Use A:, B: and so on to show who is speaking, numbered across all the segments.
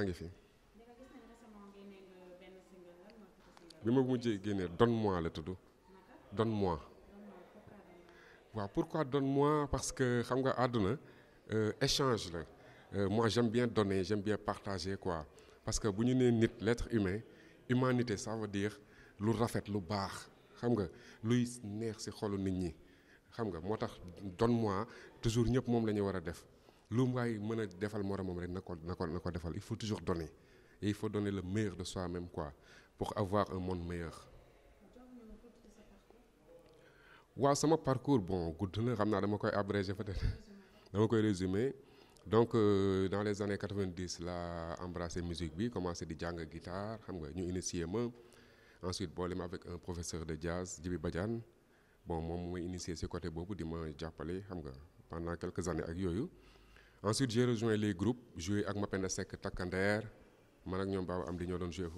A: maa ngi fi. bi ma mujjee génnee donne-moi la tudd. donne-moi. waaw pourquoi donne-moi parce que xam nga àdduna euh, échange la euh, moi j'aime bien donner j'aime bien partager quoi parce que bu ñu nee nit l'être humain humanité ça veut dire lu rafet lu baax xam nga luy neex ci xolu nit ñi xam nga moo tax donne-moi toujours ñëpp moom la ñu war a def lu mu waay mën a defal moromam rek na ko na ko na defal il faut toujours donner et il faut donner le meilleur de soi-même quoi pour avoir un monde meilleur. waaw sama parcours bon gudd ramna xam naa dama koy abrégé peut-être dama koy résumé donc euh, dans les années 90 la embrasser musique bi commencer di jàng guitare xam nga ñu initié ensuite bon ma avec un professeur de jazz Djibi Badiane bon moi, mooy initié si côté boobu di ma jàppale xam nga pendant quelques années ak ensuite j'ai rejoint les groupes joué avec Mapenda Seck Takander, man ak ñoom Baba Amdi ñoo doon joué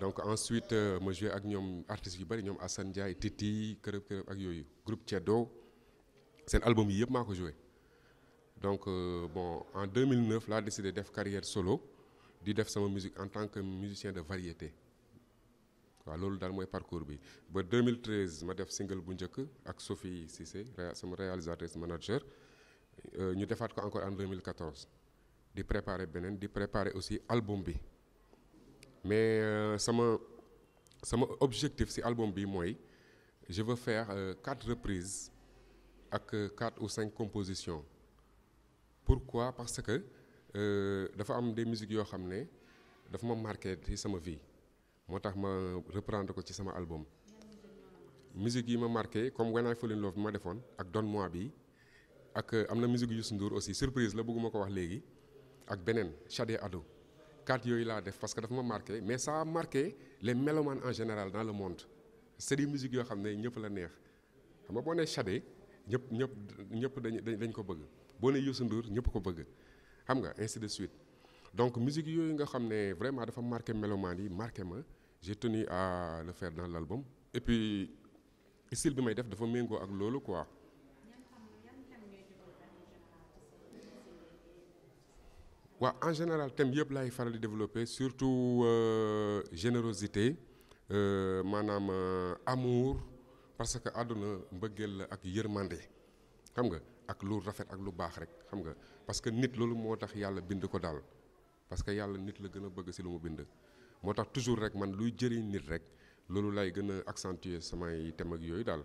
A: donc ensuite j'ai euh, joué avec les artistes yu bëri Assane Ndiaye Titi kërëb kërëb ak c'est groupe album yi yëpp joué donc euh, bon en 2009 j'ai décidé de def carrière solo di def musique en tant que musicien de variété C'est ce que j'ai parcours En ba 2013 ma def single bu Sophie Sissé, sama réalisatrice manager euh, ñu defaat ko encore en 2014 di préparer beneen di préparer aussi album bi mais euh, sama sama objectif ci album bi mooy je veux faire euh, quatre reprises ak quatre ou cinq compositions pourquoi parce que dafa am des musiques yoo xam ne dafa ma marqué ci sama vie moo tax ma reprendre ko ci sama album musique yi ma marqué comme When I Fall in Love ma defoon ak Donne-moi bi ak euh, am na musique Youssou Ndour aussi surprise la bëgguma ko wax léegi ak beneen Shadé Ado quatre yooyu laa def parce que daf ma marqué mais ça a marqué les mélomanes en général dans le monde c'est des musiques yoo xam ne ñëpp la neex xam nga boo nee Shadé ñëpp ñëpp ñëpp dañ dañ ko bëgg boo nee Youssou Ndour ñëpp ko bëgg xam nga ainsi de suite donc musique yooyu nga xam ne vraiment dafa marqué mélomanes yi marqué ma j'ai tenu à le faire dans l'album et puis style bi may def dafa méngoo ak loolu quoi waaw en général thème yëpp il faral développer surtout euh, générosité euh, manam euh, amour parce que àdduna mbëggeel la ak yërmande xam nga ak lou rafet ak lou baax rek xam nga parce que nit loolu moo tax yàlla bind ko daal parce que yàlla nit la gën a bëgg si lu mu bind moo toujours rek man luy jëriñ nit rek loolu lay gën accentuer samay thème ak yooyu daal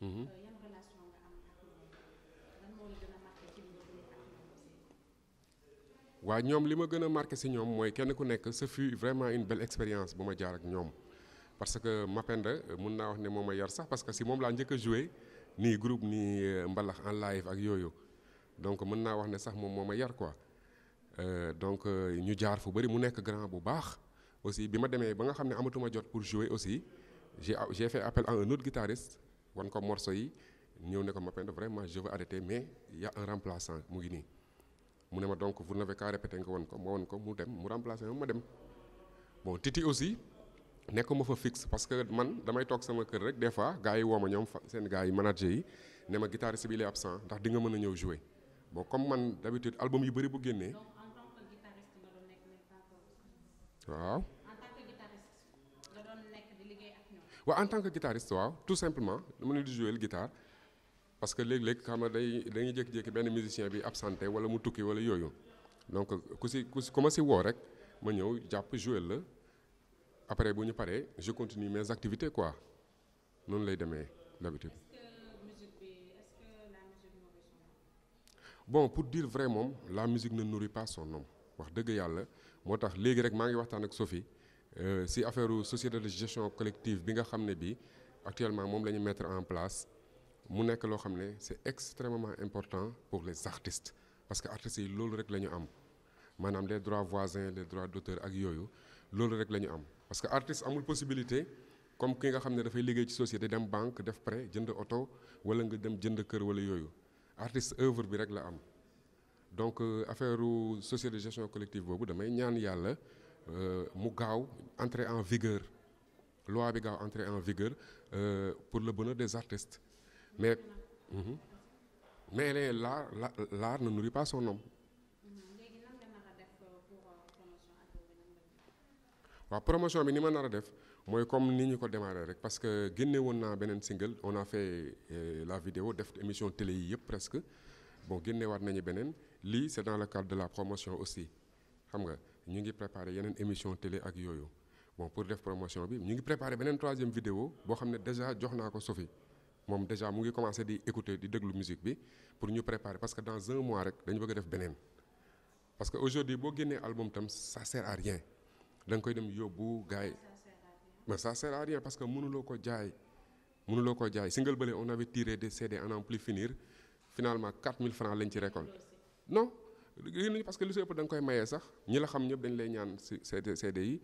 A: Titi waaye ñoom li ma gën a marqué si ñoom mooy kenn ku nekk ce fut vraiment une belle expérience bu ma jaar ak ñoom parce que Mapenda mun naa wax ne moom a yar sax parce que si moom laa njëkk a joué nii groupe nii euh, mbalax en live ak yooyu donc mën naa wax ne sax moom moo ma yar quoi euh, donc euh, ñu jaar fu bëri mu nekk grand bu baax aussi bi ma demee ba nga xam ne amatuma jot pour jouer aussi j'ai j'ai fait appel à un autre guitariste wan ko morceau yi ñëw ne ko Mapenda vraiment je veux arrêter mais y a un remplaçant mu ngi nii mu ne ma donc vous n'avez qu'à répéter nga won ko ma won ko mu dem mu remplacé ma ma dem bon titi aussi nekk ma fa fixe parce que man damay toog sama kër rek des fois gars yi woo ma ñoom seen gars yi manager yi ne ma guitariste bi il est absent ndax di nga mën a ñëw jouer bon comme man d'habitude album yu bëri bu génnee. waaw. waaw en tant que guitariste waaw tout simplement dama leen di jouer parce que léeg-léeg xam nga day dañuy jékki-jékki benn musicien bi absenté wala mu tukki wala yooyu donc ku si ku si commencé woo rek ma ñëw jàpp jouer la après bu ñu paree je continue mes activités quoi noonu lay demee d'habitude bon pour dire vrai moom la musique ne nourrit pas son nom wax dëgg yàlla moo tax léegi rek maa ngi waxtaan ak Sophie euh, si affaire société de gestion collective bi nga xam ne bi actuellement moom la ñu mettre en place mu nekk loo xam c'est extrêmement important pour les artistes parce que artistes yi loolu rek la ñu am maanaam les droits voisins les droits d'auteur ak yooyu loolu rek la ñu am parce que artiste amul possibilité comme ki nga xam ne dafay liggéey ci société dem banque def prêt jënd oto wala nga dem jënd kër wala yooyu artiste œuvre bi rek la am donc euh, affaire société de gestion collective boobu damay ñaan yàlla euh, mu gaaw entrer en vigueur loi bi entré entrer en vigueur euh, pour le bonheur des artistes mais, mm -hmm. mais elle est l'art, l'art ne nourrit pas son homme. waaw promotion bi ni ma nar def moy comme ni ko démarré rek parce que guéné wonna benen single on a fait euh, la vidéo def émission télé yépp presque bon guéné wat nañu benen li c'est dans le cadre de la promotion aussi xam nga ñu ngi préparer yenen émission télé ak yoyu bon pour def promotion bi ñu ngi préparé beneen troisième vidéo bo xamné déjà jox naa Sophie moom déjà mu ngi commencé di écouter di déglu musique bi pour ñu préparer parce que dans un mois rek dañu bëgg a def beneen parce que aujourd'hui boo génnee album tam ça sert à rien da koy dem yóbbu gaay mais ça sert à rien parce que mënuloo ko jaay mënuloo ko jaay single bële on avait tiré des CD en n'en plus finir finalement 4000 francs lañ ci récolte non parce que lu si ëpp da koy mayee sax ñi la xam ñëpp dañ lay ñaan si CD yi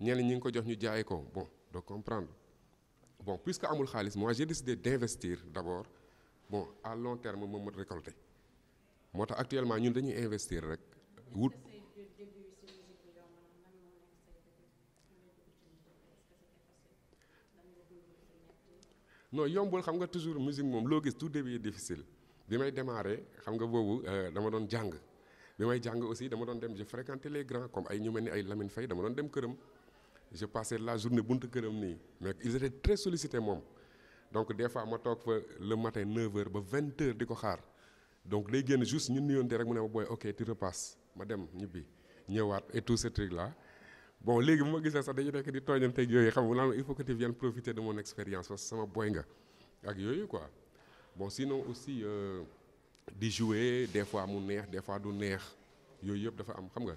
A: ñeneen ñi ngi ko jox ñu jaay ko bon doo comprendre bon puisque amul Khalis, moi j'ai décidé d'investir d'abord bon à long terme moom ma récolter moo actuellement ñun dañuy investir rek wut non yombul xam nga toujours musique mom, loo gis tout début est difficile bi démarrer xam nga boobu euh, dama doon jàng bi may aussi dama doon dem je fréquentais les grands comme ay ñu mel ay Lamine Faye dama doon dem je passais la journée bunte këram ni mais ils étaient très sollicités moom donc des fois ma tok fa le matin 9h ba 20h diko xaar donc lay guen juste ñun nuyoonte rek mu ne boy ok tu repasses ma dem ñibi ñëwaat et tout ce truc là bon légui bu ma gisee sax dañu nekk di ak yooyu xam nga il faut que tu viennes profiter de mon expérience parce que sama boy nga ak yooyu quoi bon sinon aussi euh, di jouer des fois mu neex des fois du neex yooyu yëpp dafa am xam nga.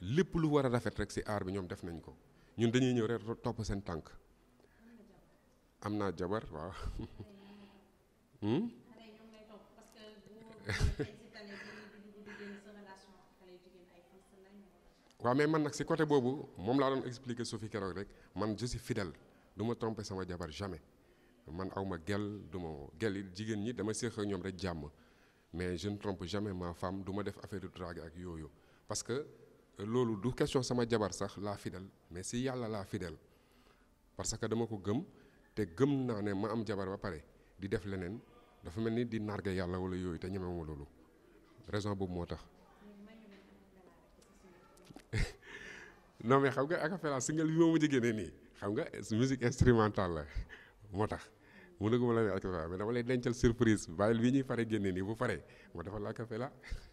A: lépp lu war rafet rek si aar bi def nañ ko ñun dañuy mais man côté expliquer Sophie keroog rek man je suis fidèle du tromper sama jabar jamais man aw gel du ma gel dama rek mais je ne trompe jamais ma femme du def affaire de drague ak yooyu parce que. loolu du question sama jabar sax laa fidèle mais si yàlla laa fidèle parce que dama ko gëm te gëm naa ne ma am jabar ba pare di def leneen dafa mel ni di narge yàlla wala yooyu te ñemewuma loolu raison boobu moo tax non mais xam nga acapella single bi moomu jigéen ne nii xam nga musique instrumentale la moo tax mu dëgg ma la ne acapella mais dama lay dencal surprise bàyyil bi ñuy fare génne nii bu pare moo defal la acapella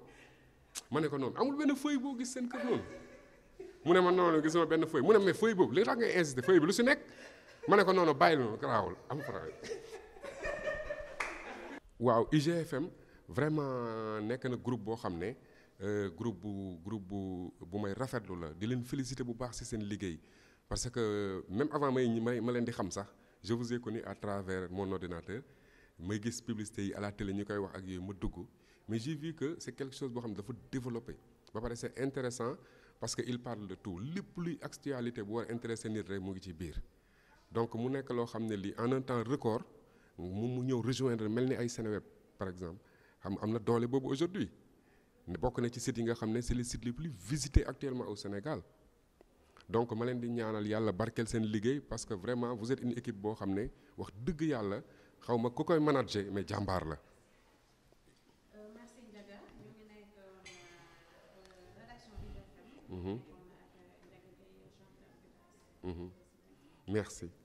A: ma ne ko noonu amul benn feuille boo gis seen kër noonu mu ne ma noonu gisuma benn feuille mu ne mais feuille boobu li tax ngay insisté feuille bi lu si nekk ma ne ko noonu bàyyi la noonu garaawul am problème waaw IGFM vraiment nekk na groupe boo xam ne euh, groupe bu groupe bu bu may rafetlu la di leen féliciter bu baax ci seen liggéey parce que euh, même avant may may ma leen di xam sax je vous ai connu à travers mon ordinateur may gis publicité yi à la télé ñu koy wax ak yooyu ma dugg mais j'ai vu que c'est quelque chose boo xam dafa développé ba pare c'est intéressant parce que il parle de tout lépp luy actualité bu war a intéressé nit rek mu ngi ci biir donc mu nekk loo xam ne lii en un temps record mu mu ñëw rejoindre mel ni ay Seneweb par exemple xam am na doole boobu aujourd'hui bokk na ci site yi nga xam ne c'est les sites les plus visités actuellement au Sénégal donc ma leen di ñaanal yàlla barkeel seen liggéey parce que vraiment vous êtes une équipe boo xam ne wax dëgg yàlla xaw ma ku koy manager mais jàmbaar la. Euh, merci Ndiaga ñu euh, euh,